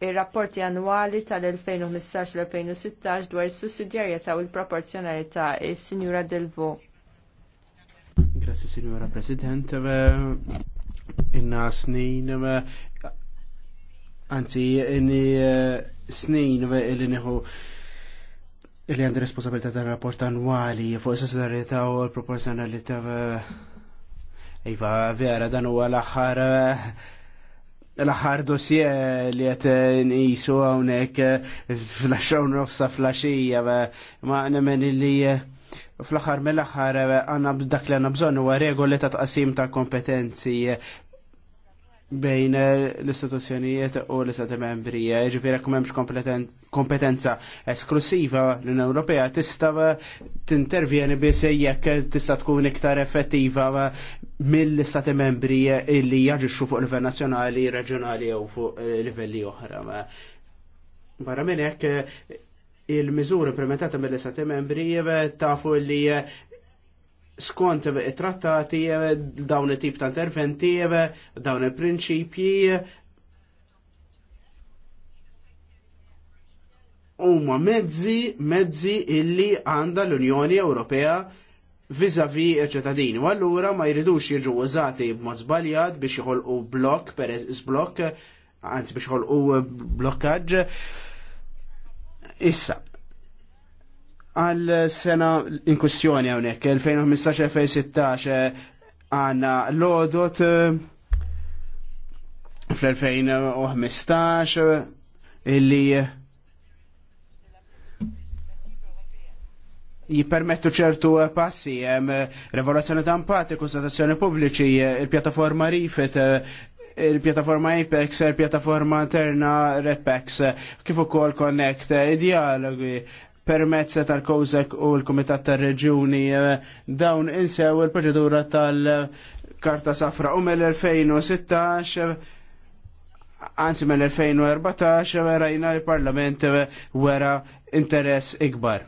ir-rapporti annwali tal-2015 2016 dwar is-sussidjarjetà u l-proporzjonalità is-Sinjura Delvo. Grazie, Signora President. Inna snin anzi inni eh, snin eh, li nieħu li għandi responsabilità tal-rapport annwali fuq s u l-proporzjonalità eh. Iva, vera, dan huwa l-aħħar l-aħħar dossier li qed nisu hawnhekk eh, fl-xrawn nofsa flaxija eh, ma nemmen li eh, fl-aħħar mill-aħħar għandna b'dak li għandna bżonn huwa regoli ta' tqasim ta' kompetenzi bejn l-istituzzjonijiet u l-istati membri. Ġifieri jekk m'hemmx kompetenza esklusiva l-Unjoni Ewropea tista' tintervjeni biss jekk tista' tkun iktar effettiva mill-istati membri illi jaġixxu fuq livell nazzjonali, reġjonali jew fuq eh, livelli oħra. Barra minn hekk eh, il-miżur implementata mill-istati membri eh, tafu li skont it trattati dawn it-tip ta' interventi, dawn il-prinċipji huma mezzi, mezzi illi għanda l-Unjoni Ewropea vizavi il-ċetadin. U allura ma jridux jiġu użati b'mod żbaljat biex jħolqu blok, perez zblok, anzi biex jħolqu blokkaġ. Issa, għal sena inkussjoni għonek, 2015-2016 għanna l-odot fl-2015 illi jippermettu ċertu passi, eh, revoluzzjoni ta' impatti, konsultazzjoni pubbliċi, eh, il-pjattaforma Rifet, eh, il-pjattaforma Apex, il-pjattaforma interna Repex, kif ukoll Connect, dialogi permezz tal kowsek u l-Kumitat tar-Reġjuni dawn insew il-proċedura tal-Karta Safra u mill-2016 anzi mill-2014 rajna l-Parlament wera interess ikbar.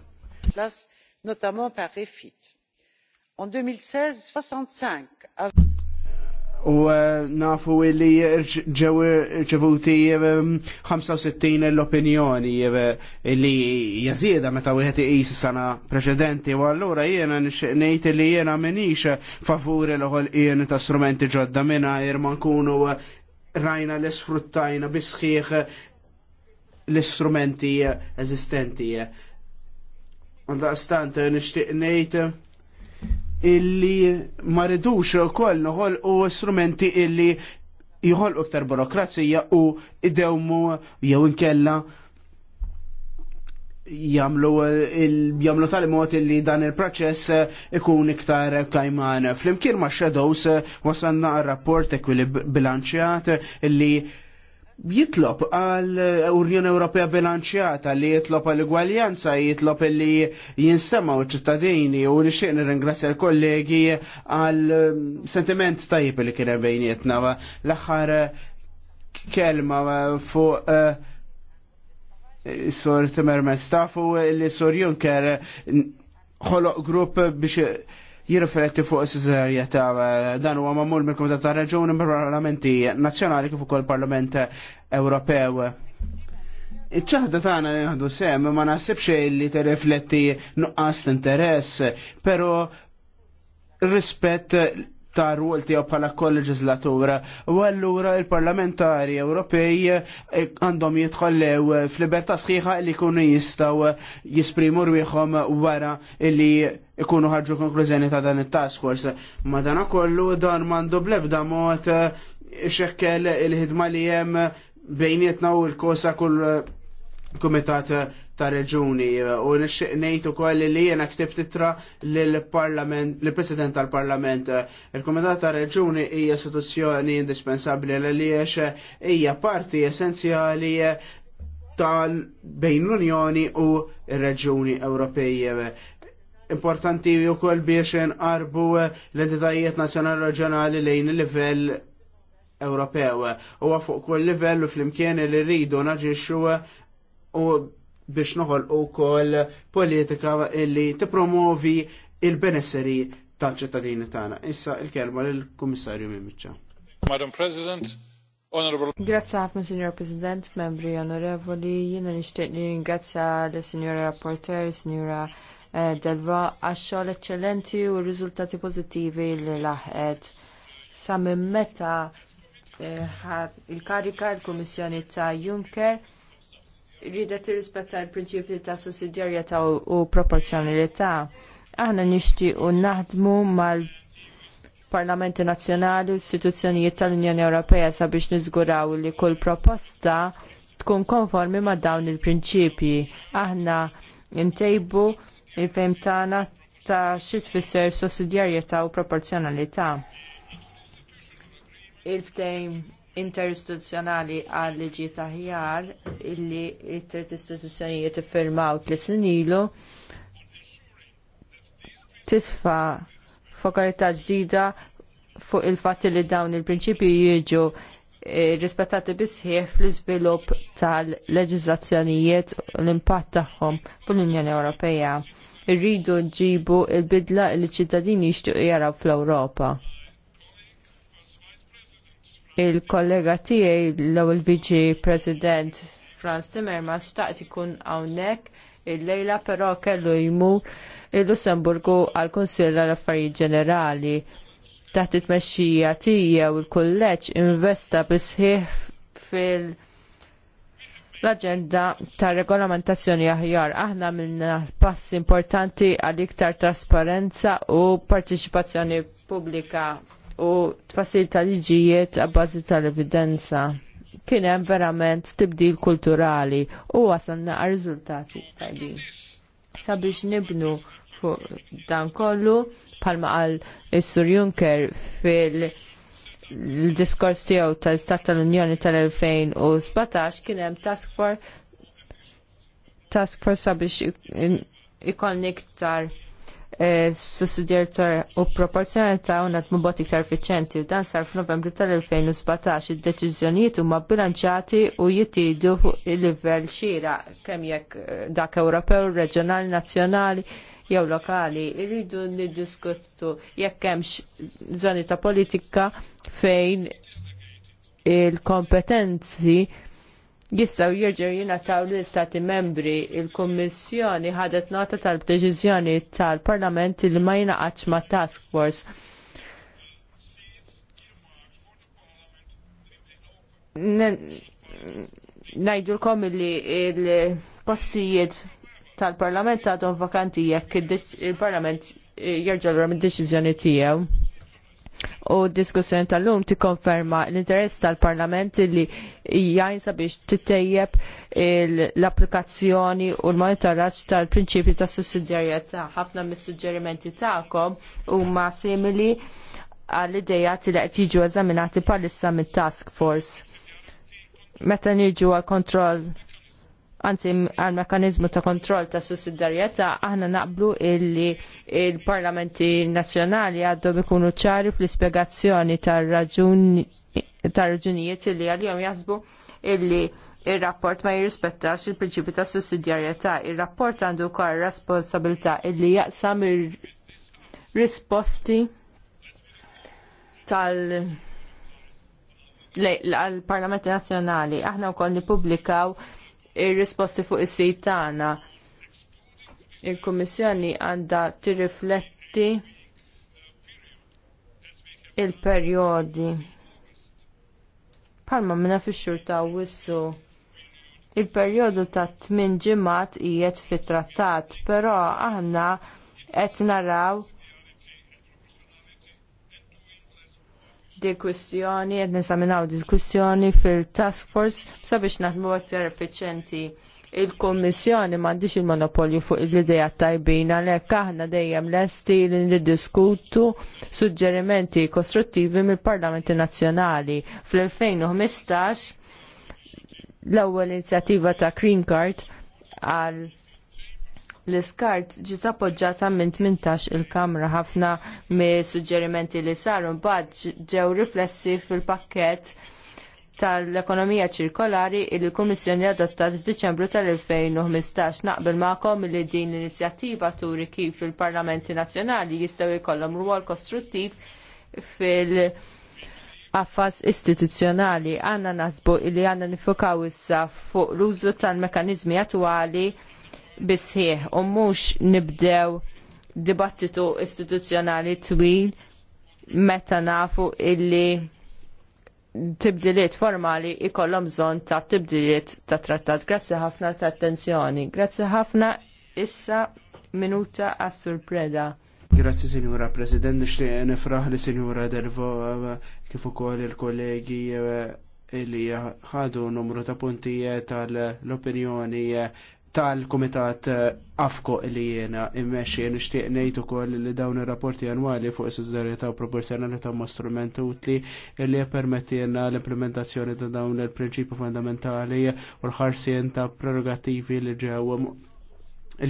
Plus notamment par refit. en deux u eh, nafu li ġew irċevuti 65 eh, l-opinjoni eh, li jażieda meta wieħed iqis sena preċedenti u allura jiena ngħid li jiena minix favuri l-ħolqien ewwel ta' strumenti ġodda mingħajr ma nkunu rajna li sfruttajna bisħieħ l-istrumenti eżistenti. Għal-daqstant eh, nishtiq nejt eh, illi ma ridux ukoll nħol u strumenti illi u iktar burokrazija u idewmu jew inkella jamlu eh, tal-mod illi dan il-proċess ikun iktar kajman. Flimkien ma' Shadows wasanna rapport ekwibilanċjat illi jitlob għal Unjoni Ewropea bilanċjata li jitlob għal igwaljanza, jitlob li jinstema u ċittadini u nixtieq nirringrazzja l-kollegi għal um, sentiment tajjeb li kien bejnietna l-aħħar kelma fuq uh, Sor Timmermans tafu li Sor Juncker ħoloq grupp biex jirrifletti fuq s ta' dan huwa għamamur mill-Kumitat ta' Reġuni mill-Parlamenti Nazzjonali kif ukoll Parlament Ewropew. Iċ-ċaħda tagħna li naħdu sem ma naħsibx li tirrifletti nuqqas interess, però rispett ta' rwol tiegħu bħala kol-leġislatura. U allura il-parlamentari Ewropej eh, għandhom jitħollew eh, f'libertà sħiħa li jkunu jistgħu eh, jisprimu rwieħhom wara li ikunu ħarġu konklużjoni ta' dan it-task force. dan kollu dan mandu blebda mod xekkel il-ħidma li hemm bejnietna u l-kosa kull komitat ta' reġuni u nixtieq ngħid ukoll li jiena ktib titra lill-Parlament lill-President tal-Parlament. Il-Kumitat ta' Reġuni hija istituzzjoni indispensabbli għaliex hija parti essenzjali tal bejn l-Unjoni u r-Reġuni Ewropej importanti u kol biex nqarbu l-entitajiet nazjonali reġjonali lejn il-livell Ewropew. U fuq kull livell u fl-imkien li rridu naġixxu u biex noħol u kol politika illi tipromovi il-benesseri ta' ċittadini tagħna. Issa il-kelma lill-Kummissarju Mimiċċa. Madam President, Honorable. Grazie ħafna, Signor President, membri onorevoli, jiena nixtieq ringrazzja l-Signora Rapporter, Signora eh, Delva, għax-xogħol eċċellenti u r-riżultati pożittivi li laħqet. Sa minn meta eh, il-karika l-Kummissjoni ta' Juncker rida tirrispetta l-prinċipju ta' sussidjarjetà u proporzjonalità. Aħna nixtiequ naħdmu mal parlamenti nazzjonali u istituzzjonijiet tal-Unjoni Ewropea sabiex niżguraw li kull proposta tkun konformi ma' dawn il-prinċipji. Aħna ntejbu il-fejm tagħna ta' xi tfisser sussidjarjetà u proporzjonalità. Il-ftejm interistituzzjonali għal liġi taħjar illi it-tret istituzzjonijiet iffirmaw t snin ilu titfa fokalità ġdida fuq il-fatt li dawn il-prinċipju jiġu eh, rispettati bisħieħ fl-iżvilupp tal-leġiżlazzjonijiet u l-impatt tagħhom fl-Unjoni Ewropea. Irridu ġibu il-bidla li ċittadini jixtiequ jaraw fl-Ewropa il-kollega tiegħi l-ewwel viġi President Franz Timmermans staqt ikun hawnhekk il-lejla però kellu jmur il-Lussemburgu għal kunsill għal affarijiet ġenerali. Taħt it-mexxija tiegħu il-kulleġġ investa bisħieħ fil- l-agenda ta' regolamentazzjoni aħjar. Aħna minna pass importanti għal iktar trasparenza u partiċipazzjoni pubblika u tfassil tal-liġijiet għabbażi tal-evidenza. Kien hemm verament tibdil kulturali u wasalna għal riżultati tajbin. Sabiex nibnu fuq dan kollu palma għal is-Sur Juncker fil- l-diskors tiegħu tal-Istat tal-Unjoni tal-2017 kien hemm task force task force sabiex ikollni iktar sussidjartar u proporzjonalità u unat bot iktar u Dan sar f'Novembru tal-2017 id-deċiżjonijiet huma bilanċati u jittidu fuq il-livell xira kemm jekk eh, dak Ewropew, reġjonali, nazzjonali jew lokali irridu niddiskutu jekk hemmx żoni ta' politika fejn il-kompetenzi jistaw jina taw l-istati membri il-Kommissjoni ħadet nota tal-deċizjoni tal-Parlament li ma jinaqax ma' task force. Najdulkom li il-postijiet tal-Parlament għadhom vakanti jekk il-Parlament eh, jirġer mid deċizjoni tiegħu. U diskussjoni tal-lum tikkonferma l-interess tal-Parlament li jajnsa biex titejjeb l-applikazzjoni u l-monitoraġġ tal-prinċipju ta' sussidjarjetà. Ħafna mis-suġġerimenti tagħkom huma simili għall-ideja li qed jiġu eżaminati bħalissa mit-task force. Meta niġu għal kontroll anzi għal mekanizmu ta' kontroll ta' sussidjarjetà aħna naqblu illi il-parlamenti nazzjonali għaddu ikunu ċari fl-ispjegazzjoni tar-raġunijiet illi għal-jom jazbu illi il-rapport ma jirrispettax il-prinċipju ta' sussidjarjetà. Il-rapport għandu kar responsabilità illi jaqsam il risposti tal- l parlamenti Nazzjonali. Aħna wkoll nippubblikaw ir-risposti fuq is-sit tagħna. Il-Kummissjoni għandha tirrifletti il-perjodi. Palma minna fix-xhur ta' wissu il-perjodu ta' tmien ġimgħat qiegħed fit-trattat, però aħna qed naraw di kwistjoni, ed nisaminaw di kwistjoni fil-task force sabiex naħdmu għattar effiċenti il-Kommissjoni m'għandix il-monopolju fuq l-ideja tajbin għalhekk aħna dejjem lesti li niddiskutu suġġerimenti kostruttivi mill-Parlamenti Nazzjonali. Fl-2015 l-ewwel inizjattiva ta' Green Card għal L-iskart ġiet appoġġata minn 18 il-Kamra ħafna mi suġġerimenti li saru mbagħad ġew riflessi fil-pakkett tal-ekonomija ċirkolari li l kummissjoni adottat f'Diċembru tal-2015 naqbel magħkom li din l-inizjattiva turi kif il-Parlamenti Nazzjonali jistgħu jkollhom rwol kostruttiv fil- affas istituzzjonali għandna nasbu li għandna nifokaw issa fuq l-użu tal mekkaniżmi attwali bisħieħ u mhux nibdew dibattitu istituzzjonali twil meta nafu illi tibdiliet formali ikollhom bżonn ta' tibdiliet ta' trattat. Grazzi ħafna ta' attenzjoni. Grazzi ħafna issa minuta għas-surpreda. Grazzi Sinjura President, nixtieq nifraħ li Sinjura Delvo kif ukoll il-kollegi eh, li ħadu numru ta' puntijiet tal-opinjoni eh, tal-Kumitat eh, Afko li jena immexxi nixtieq ngħid ukoll li dawn ir-rapporti annwali fuq is-sussidarjetà u proporzjonalità huma strument utli li jena l-implementazzjoni ta' dawn il-prinċipju fundamentali u l-ħarsien ta' prerogattivi li ġew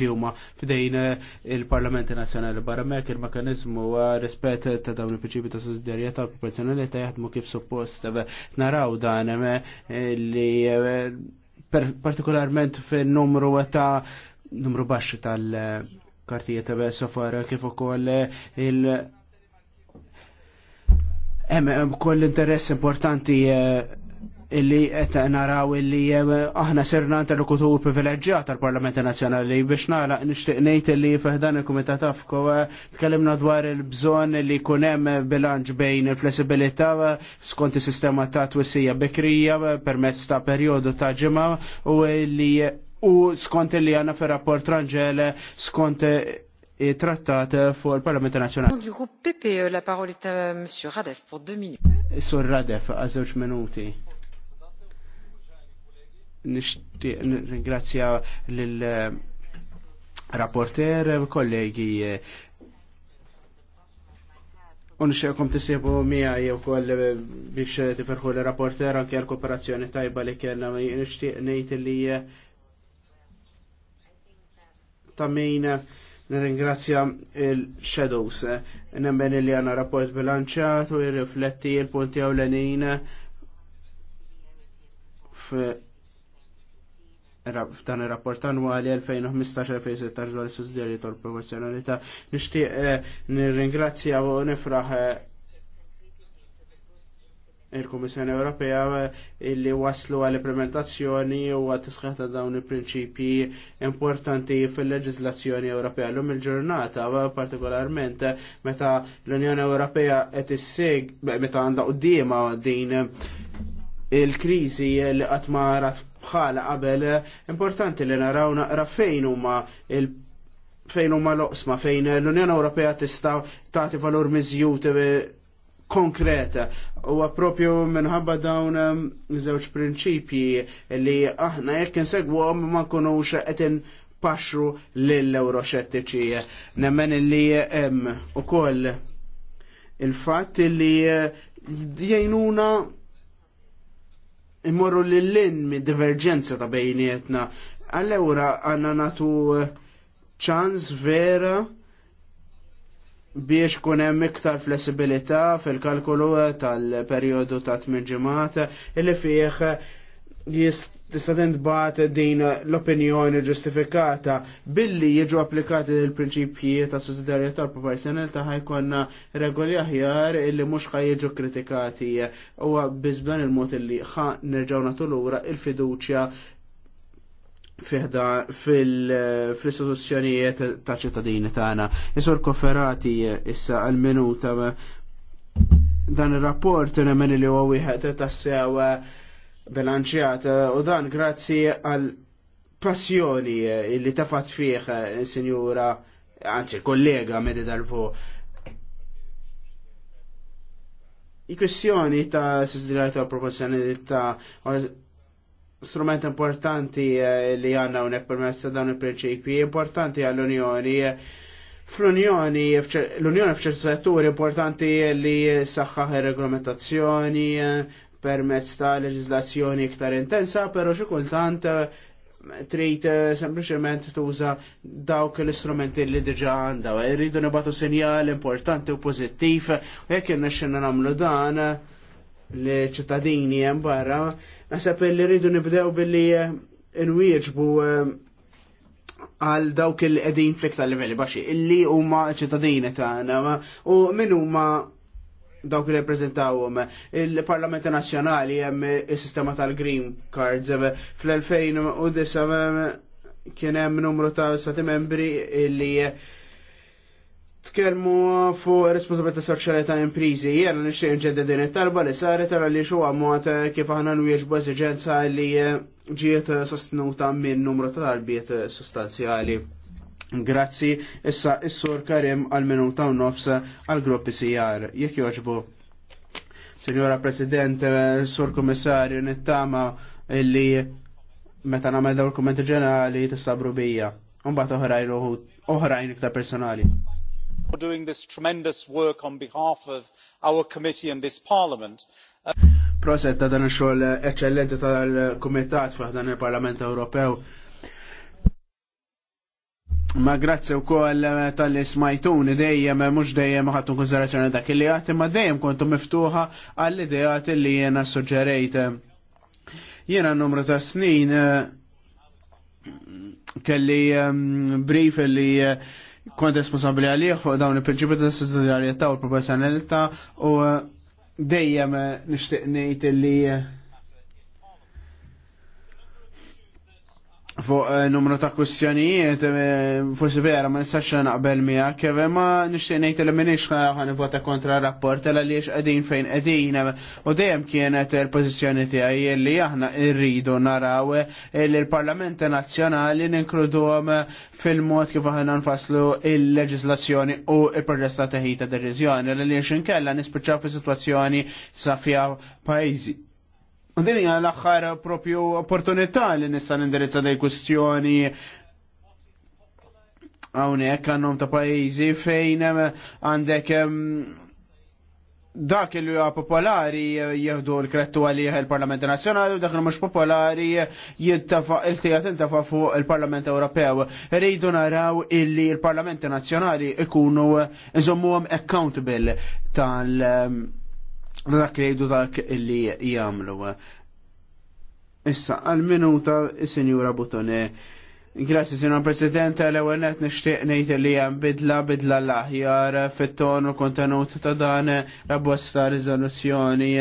li huma f'dejn eh, il-Parlamenti Nazzjonali barra mek il-mekanizmu rispett ta' dawn il-prinċipju ta' sussidjarjetà u proporzjonalità jaħdmu kif suppost naraw dan eh, li partikolarment fin numru ta' numru baxx tal-kartijiet ta' bessa fara kif ukoll il- Hemm koll interess importanti eh, illi qed naraw illi eh, aħna serna interlokutur privileġġjat tal-Parlament Nazzjonali biex nara nixtieq ngħid illi f'dan il-Kumitat Afko eh, tkellimna dwar il-bżonn li jkun hemm bilanċ bejn il-flessibilità eh, skont is-sistema ta' twissija bikrija permezz ta' perjodu ta' ġimgħa u li u skont illi għandna fir-rapport Rangele skont trattat fuq il-Parlament Nazzjonali. Du groupe e, la parole est à Radef pour deux minuti. Sur Radef, à minuti nishtiq ringrazzja l rapporter kollegi eh, Un xekom tisibu mija jew koll biex tiferħu l-rapporter anke l-kooperazzjoni tajba li kena nishtiq nejt li eh, tamin nirringrazzja il-Shadows. Nemmen li għanna rapport bilanċat u jirrifletti il-punti għawlenin f'dan ir-rapport annwali 2015-2016 dwar is-sussidjarji tal-proporzjonalità. Nixtieq eh, nirringrazzjaw u nifraħ eh, il-Kummissjoni Ewropea eh, illi waslu għall implementazzjoni u għat ta' dawn il-prinċipji importanti fil-leġizlazzjoni Ewropea. l Lum il-ġurnata, partikolarment, meta l-Unjoni Ewropea qed isseg, meta għandha qudiema din il-krizi li għatmarat bħala qabel importanti li naraw naqra fejn huma il- fejn huma l-oqsma fejn l-Unjoni Ewropea tista' tagħti valur miżjut eh, konkreta u propju minħabba dawn eh, żewġ prinċipji li aħna jekk insegwhom ma nkunux qed paxru lill-euroxettiċi. Nemmen li eh, hemm ukoll il-fatt li jgħinuna immorru l-lin mid diverġenza ta' bejnietna. Allura għanna natu eh, ċans vera biex kunem hemm iktar flessibilità fil-kalkolu eh, tal-perjodu ta' il-li fieħ eh, jist tista' tintbagħat din l-opinjoni ġustifikata billi jiġu applikati l-prinċipji ta' sussidjarjetà proporzjonal ta' ħajkonna regoli aħjar illi mhux jiġu kritikati huwa biżben il-mod illi ħa nerġgħu nagħtu lura l fiduċja fiħda fil-istituzzjonijiet ta' ċittadini tagħna. Isur kofferati issa għal-minuta dan ir rapport nemmen li huwa wieħed tas-sewwa bilanċjat eh, u dan grazzi għal passjoni eh, li tafat fih eh, senjura anzi kollega medi dal-fu. i-kwestjoni ta' s-sdirajta proporzjonalità strument importanti li għanna unek permessa dan il-prinċipi, importanti għall-Unjoni. Fl-Unjoni, l-Unjoni f'ċer setturi importanti li saħħaħ regolamentazzjoni, permezz ta' leġislazzjoni iktar intensa, pero xi kultant eh, trid eh, sempliċement tuża dawk l-istrumenti li diġa għandha. Irridu nibatu sinjal importanti u pożittiv, u jekk irnexxinna nagħmlu dan eh, li ċittadini hemm barra, naħseb li rridu nibdew billi nwieġbu għal dawk il-qegħdin fl-iktar livelli baxi, illi huma ċittadini tagħna u min huma dawk li reprezentawhom il-Parlament Nazzjonali hemm is-sistema tal-Green Cards fl-2009 kien hemm numru ta' stati membri li tkellmu fuq responsabilità soċjali ta' imprizi. Jena nixtieq nġedda din it-talba li saret ara li xuwa mod kif aħna nwieġbu eżiġenza li ġiet sostnuta minn numru ta' talbiet sostanzjali. Grazzi, issa is-sur Karim għal-minuta u nofsa għal-gruppi CR. Jek joġbu, Senjora President, Sur Komissarju, nittama illi meta namel dawn kommenti ġenerali tistabru bija. Umbat oħrajn oħrajn iktar personali. We're doing this tremendous work on behalf of our committee and this parliament. Uh, Proset ta' dan xogħol eċċellenti tal-Kumitat fih dan il-Parlament Ewropew Ma grazzi u koll eh, tal-li smajtun dejjem, eh, mux dejjem ħattu konsiderazzjoni dak li għati, ma dejjem kontu miftuħa għall-ideat li jena suġġerejt. Jena numru ta' snin eh, kelli brief li kont responsabli għalih fuq dawn il-prinċipi ta' sussidjarjetà u l-proporzjonalità u dejjem nixtieq ngħid li fuq eh, numru ta' kwistjonijiet, eh, forsi vera ma nistax naqbel miegħek, kif ma nixtieq ngħid li m'iniex vota kontra rapport għal għaliex qegħdin fejn qegħdin eh, u dejjem kienet il-pożizzjoni tiegħi li aħna rridu naraw li l parlamenti Nazzjonali ninkluduhom fil-mod kif aħna nfasslu il-leġislazzjoni u l ta' teħita deċiżjoni għaliex inkella nispiċċaw fi sitwazzjoni safja pajjiżi U din hija l-aħħar propju opportunità li nista' nindirizza dej kwistjoni hawnhekk għandhom ta' pajjiżi fejn għandek dak li huwa popolari jieħdu l-krettu għalih il-Parlament Nazzjonali u dak li mhux popolari jittafa' il-tijat intafa' fuq il-Parlament Ewropew. Rridu naraw illi l-Parlamenti Nazzjonali ikunu iżommuhom accountable tal- dak li jgħidu dak li jgħamlu. Issa, għal-minuta, il-Sinjura Butone, Grazie, Signor Presidente, l-ewenet nishtiq nejt li jem bidla bidla l-aħjar fit-ton u kontenut ta' dan rabbosta rizoluzzjoni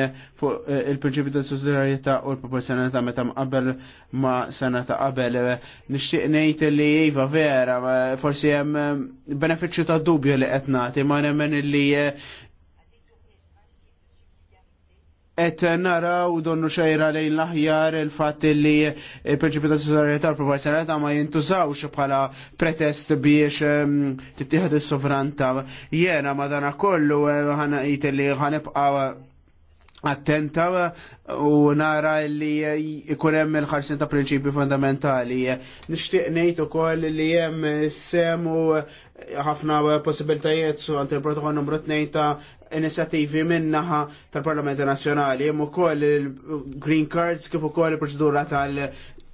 fuq eh, il-prinċipju ta' sussidjarjetà u l-proporzjonalità meta mqabbel ma' sena ta' qabel. Nixtieq ngħid li iva vera, forsi hemm eh, benefiċċju ta' dubju li qed nagħti ma' nemmen li eh, et naraw donnu xejra lejn l-aħjar il-fat li il-prinċipju ta' sussidjarjetà proporzjonalità ma jintużawx bħala pretest biex ehm, tittieħed is-sovranta. Jena madana kollu eh, ħana li ħanibqa' attenta u nara li ikunem hemm il-ħarsin ta' prinċipju fundamentali. Nixtieq ngħid ukoll li hemm semu ħafna possibiltajiet su għant il-protokoll numru 2 ta' inizjattivi minnaħa tal-Parlamenti Nazzjonali, hemm ukoll il-green cards kif ukoll il-proċedura tal-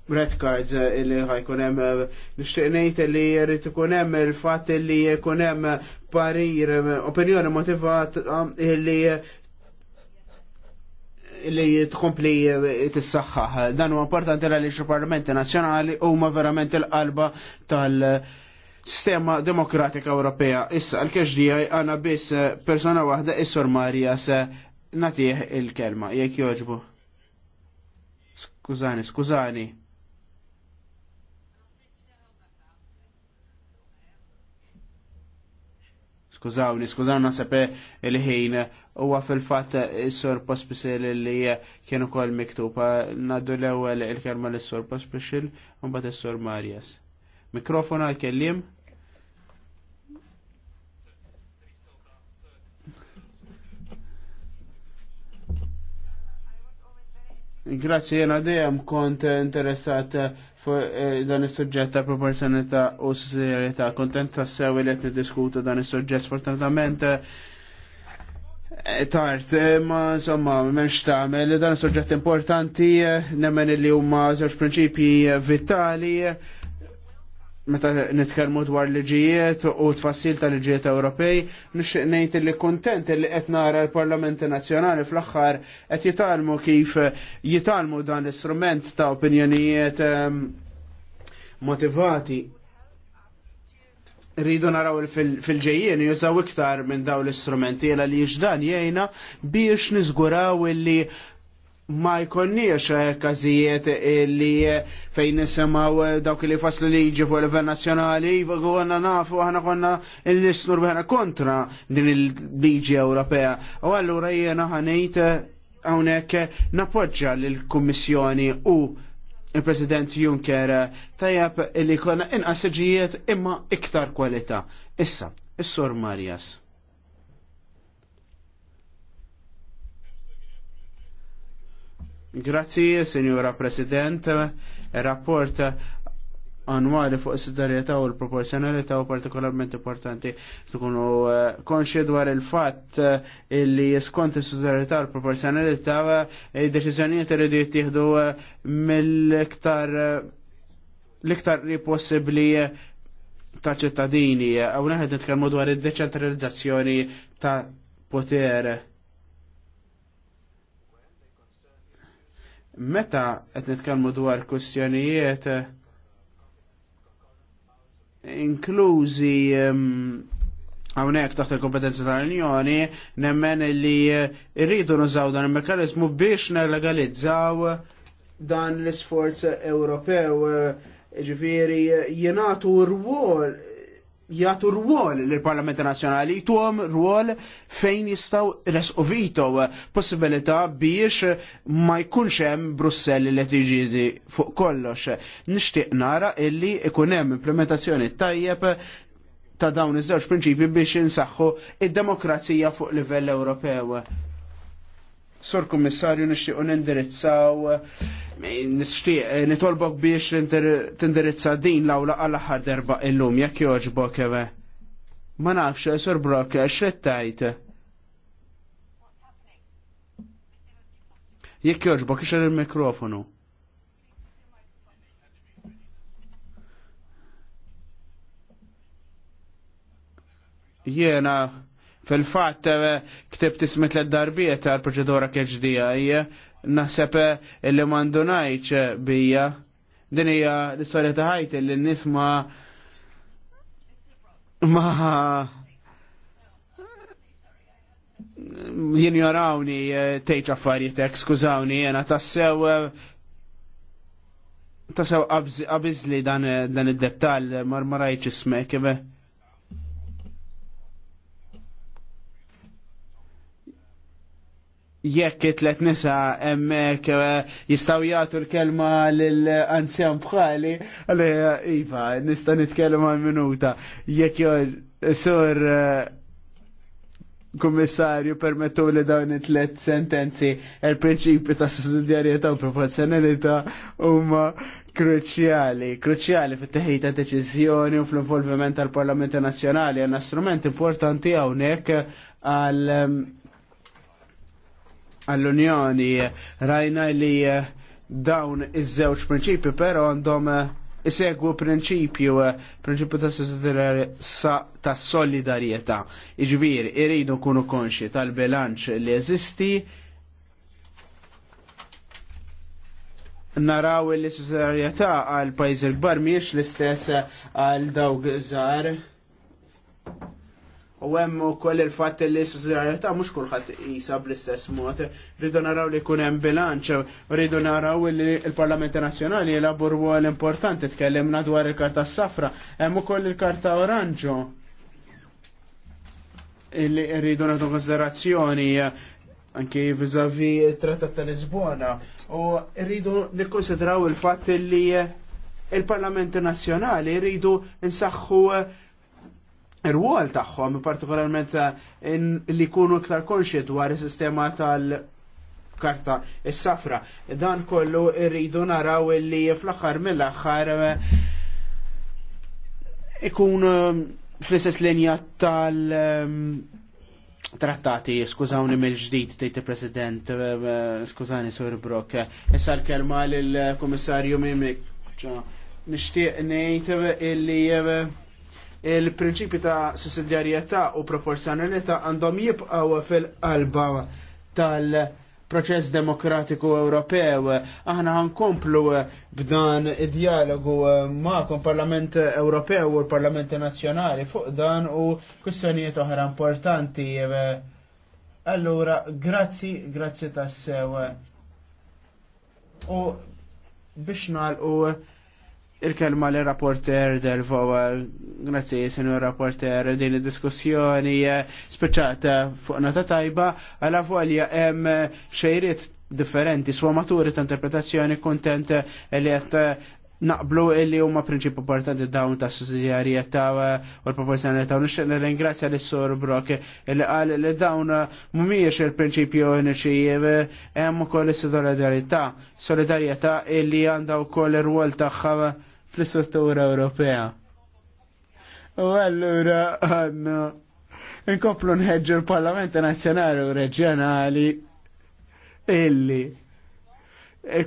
red cards li ħajkun hemm nixtieq li jrid ikun hemm il-fatt li jkun hemm parir opinjoni motivat li li tkompli tissaxħaħ. Dan huwa importanti għaliex il-Parlamenti Nazzjonali huma verament il-qalba tal- sistema demokratika Ewropea. Issa l kex għana biss persona wahda Issor Marija se natieħ il-kelma, jek joġbu. Skużani, skużani. Skużaw li skużaw nasepe il-ħin u fil-fat il-sor pospisil li kienu kol miktuba naddu l-ewel il-kelma l-sor pospisil un bat il-sor Marjas. Mikrofona għal-kellim. Grazzi, jena dejjem kont interessat fuq eh, dan is-suġġett ta' proporzjonalità u sussidjarjetà. Kontent ta' sewi li qed niddiskutu dan is-suġġett sfortunatament eh, tard, eh, ma insomma, m'hemmx tagħmel dan is-suġġett importanti nemmen li huma żewġ prinċipji vitali meta nitkellmu dwar liġijiet u tfassil ta' liġijiet Ewropej, nixtieq ngħid li kuntent li qed nara l-Parlamenti Nazzjonali fl-aħħar qed jitalmu kif jitalmu dan l-istrument ta' opinjonijiet ehm, motivati. Rridu naraw fil-ġejjien jużaw iktar minn daw l-istrumenti li x'dan jgħina biex niżguraw li ma jkonniex eh, kazijiet li eh, fejn nisimaw eh, dawk li faslu li jġi fuq level nazjonali, għanna nafu għanna konna l nisnur bħana kontra din il-liġi Ewropea. U għallura jena ħanejt għonek napoġġa l-Kommissjoni u il-President Juncker tajab li konna inqas imma iktar kwalità. Issa, is-Sur Marjas. Grazzi, Signora President, rapport annwali fuq is sidarieta u l-proporzjonalità u partikolarment importanti tkunu eh, konxi dwar il-fatt eh, li skont is sidarieta u l-proporzjonalità eh, id-deċiżjonijiet iridu jittieħdu mill-iktar l-iktar li possibbli ta' ċittadini, għaw naħed nitkellmu dwar id-deċentralizzazzjoni ta' poter Meta qed nitkellmu dwar kwestjonijiet inklużi hawnhekk taħt il-kompetenza tal-Unjoni nemmen li eh, rridu nużaw dan il-mekkaniżmu biex nelegalizzaw dan l-isforz Ewropew eh, ġifieri jingħatu rwol jgħatu rwol l-Parlament Nazjonali, jtuhom rwol fejn jistaw resqovito possibilita uh, possibilità biex ma jkunx hemm Brussell li tiġidi fuq kollox. Nixtieq nara illi ikun hemm implementazzjoni tajjeb ta' dawn iż-żewġ prinċipji biex jinsaħħu id-demokrazija fuq livell Ewropew. Sur Kummissarju nixtiequ nindirizzaw nixtieq eh, nitolbok biex tindirizza din l-awla għall-aħħar darba illum jekk jogħġbok eve. Eh, ma nafx, eh, Sur Brock, x'qed tgħid. Jekk jogħġbok ixer il-mikrofonu. Jiena Fil-fatt, eh, ktib tismet l darbiet għal proċedura KHDI, naħseb eh, li mandunajċ eh, bija. Din hija l-istorja ta' ħajti li n-nis ma ma jinjorawni tejċ affarijiet, skużawni, jena tassew tasaw qabizli dan, id-dettal, marmarajċ ismek, kibbe. jekk it-tlet nisa emmek eh, jistaw jgħatu l-kelma l-anzjan bħali, għalli Iva, nista nitkelma minuta, jekk jgħor sur eh, kummissarju permettu li dawn it-tlet sentenzi il-prinċipi ta' sussidjarieta u proporzjonalità huma kruċjali, kruċjali fit teħita ta' deċiżjoni u fl-involviment tal-Parlamenti Nazzjonali għanna strument importanti hawnhekk għal ehm, għall-Unjoni rajna li eh, dawn iż-żewġ prinċipju, pero għandhom eh, isegwu prinċipju, eh, prinċipju ta' ta' solidarieta. Iġvir, iridu kunu konxi tal-bilanċ li eżisti, naraw li s għal pajzi l kbar miex l-istess għal dawg żgħar. U hemm ukoll il-fatt li s-sirjalità mhux kulħadd qisha bl-istess mod. Rridu naraw li jkun hemm bilanċ, rridu naraw li l-Parlamenti Nazzjonali jilabu rwol importanti tkellimna dwar il-Karta Safra, hemm ukoll il-Karta Oranġo li rridu nagħtu konsiderazzjoni anki vizavi il-Trattat ta' Lisbona u rridu nikkonsidraw il-fatt li il-Parlamenti Nazzjonali rridu nsaħħu ir-wol tagħhom, partikolarment eh, li jkunu iktar konxi dwar is-sistema tal- karta is-safra. Dan kollu rridu naraw li fl-aħħar mill-aħħar eh, ikun eh, fl-istess linja tal- trattati, skużawni mill-ġdid, tejti president, skużani sur Brok, issa l-kelma l-komissarju Mimik, nishtiq nejt illi il-prinċipi ta' sussidjarjetà u proporzjonalità għandhom jibqgħu fil-qalba tal-proċess demokratiku Ewropew. Aħna ħankomplu b'dan id-dialogu ma'kom Parlament Ewropew u l parlament Nazzjonali fuq dan u kwistjonijiet oħra importanti. Allura, grazzi, grazzi tassew. U biex u il-kelma li rapporter Delvo, grazzi senu rapporter din diskussjoni speċata fuq nata tajba, għala volja hemm xejriet differenti, swa maturi ta' interpretazzjoni kontent li għet naqblu illi huma prinċipu importanti dawn ta' sussidjarjetà u l-proporzjonalità. Nixtieq nirringrazzja lis sur Brock illi qal li dawn mhumiex il-prinċipju uniċi hemm ukoll is-solidarjetà, solidarjetà illi għandha wkoll ir-rwol tagħha fl-istruttura Ewropea. U allura għandna inkomplu nħeġġu l-Parlament Nazzjonali u Reġjonali illi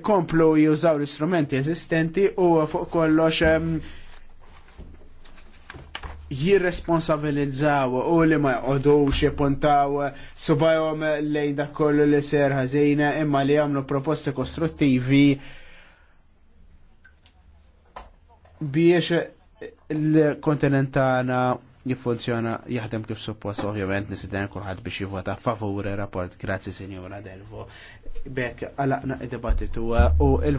komplu jużaw l-istrumenti eżistenti u fuq kollox jirresponsabilizzaw u li ma jqodux jipuntaw subajom lejn dak kollu li ser ħażina imma li jagħmlu proposti kostruttivi biex l-kontinent tagħna jiffunzjona jaħdem kif suppost ovvjament nisiden kulħadd biex jivvota favur rapport grazzi Sinjura Delvo bekk għalaqna id-debattitu uh, u il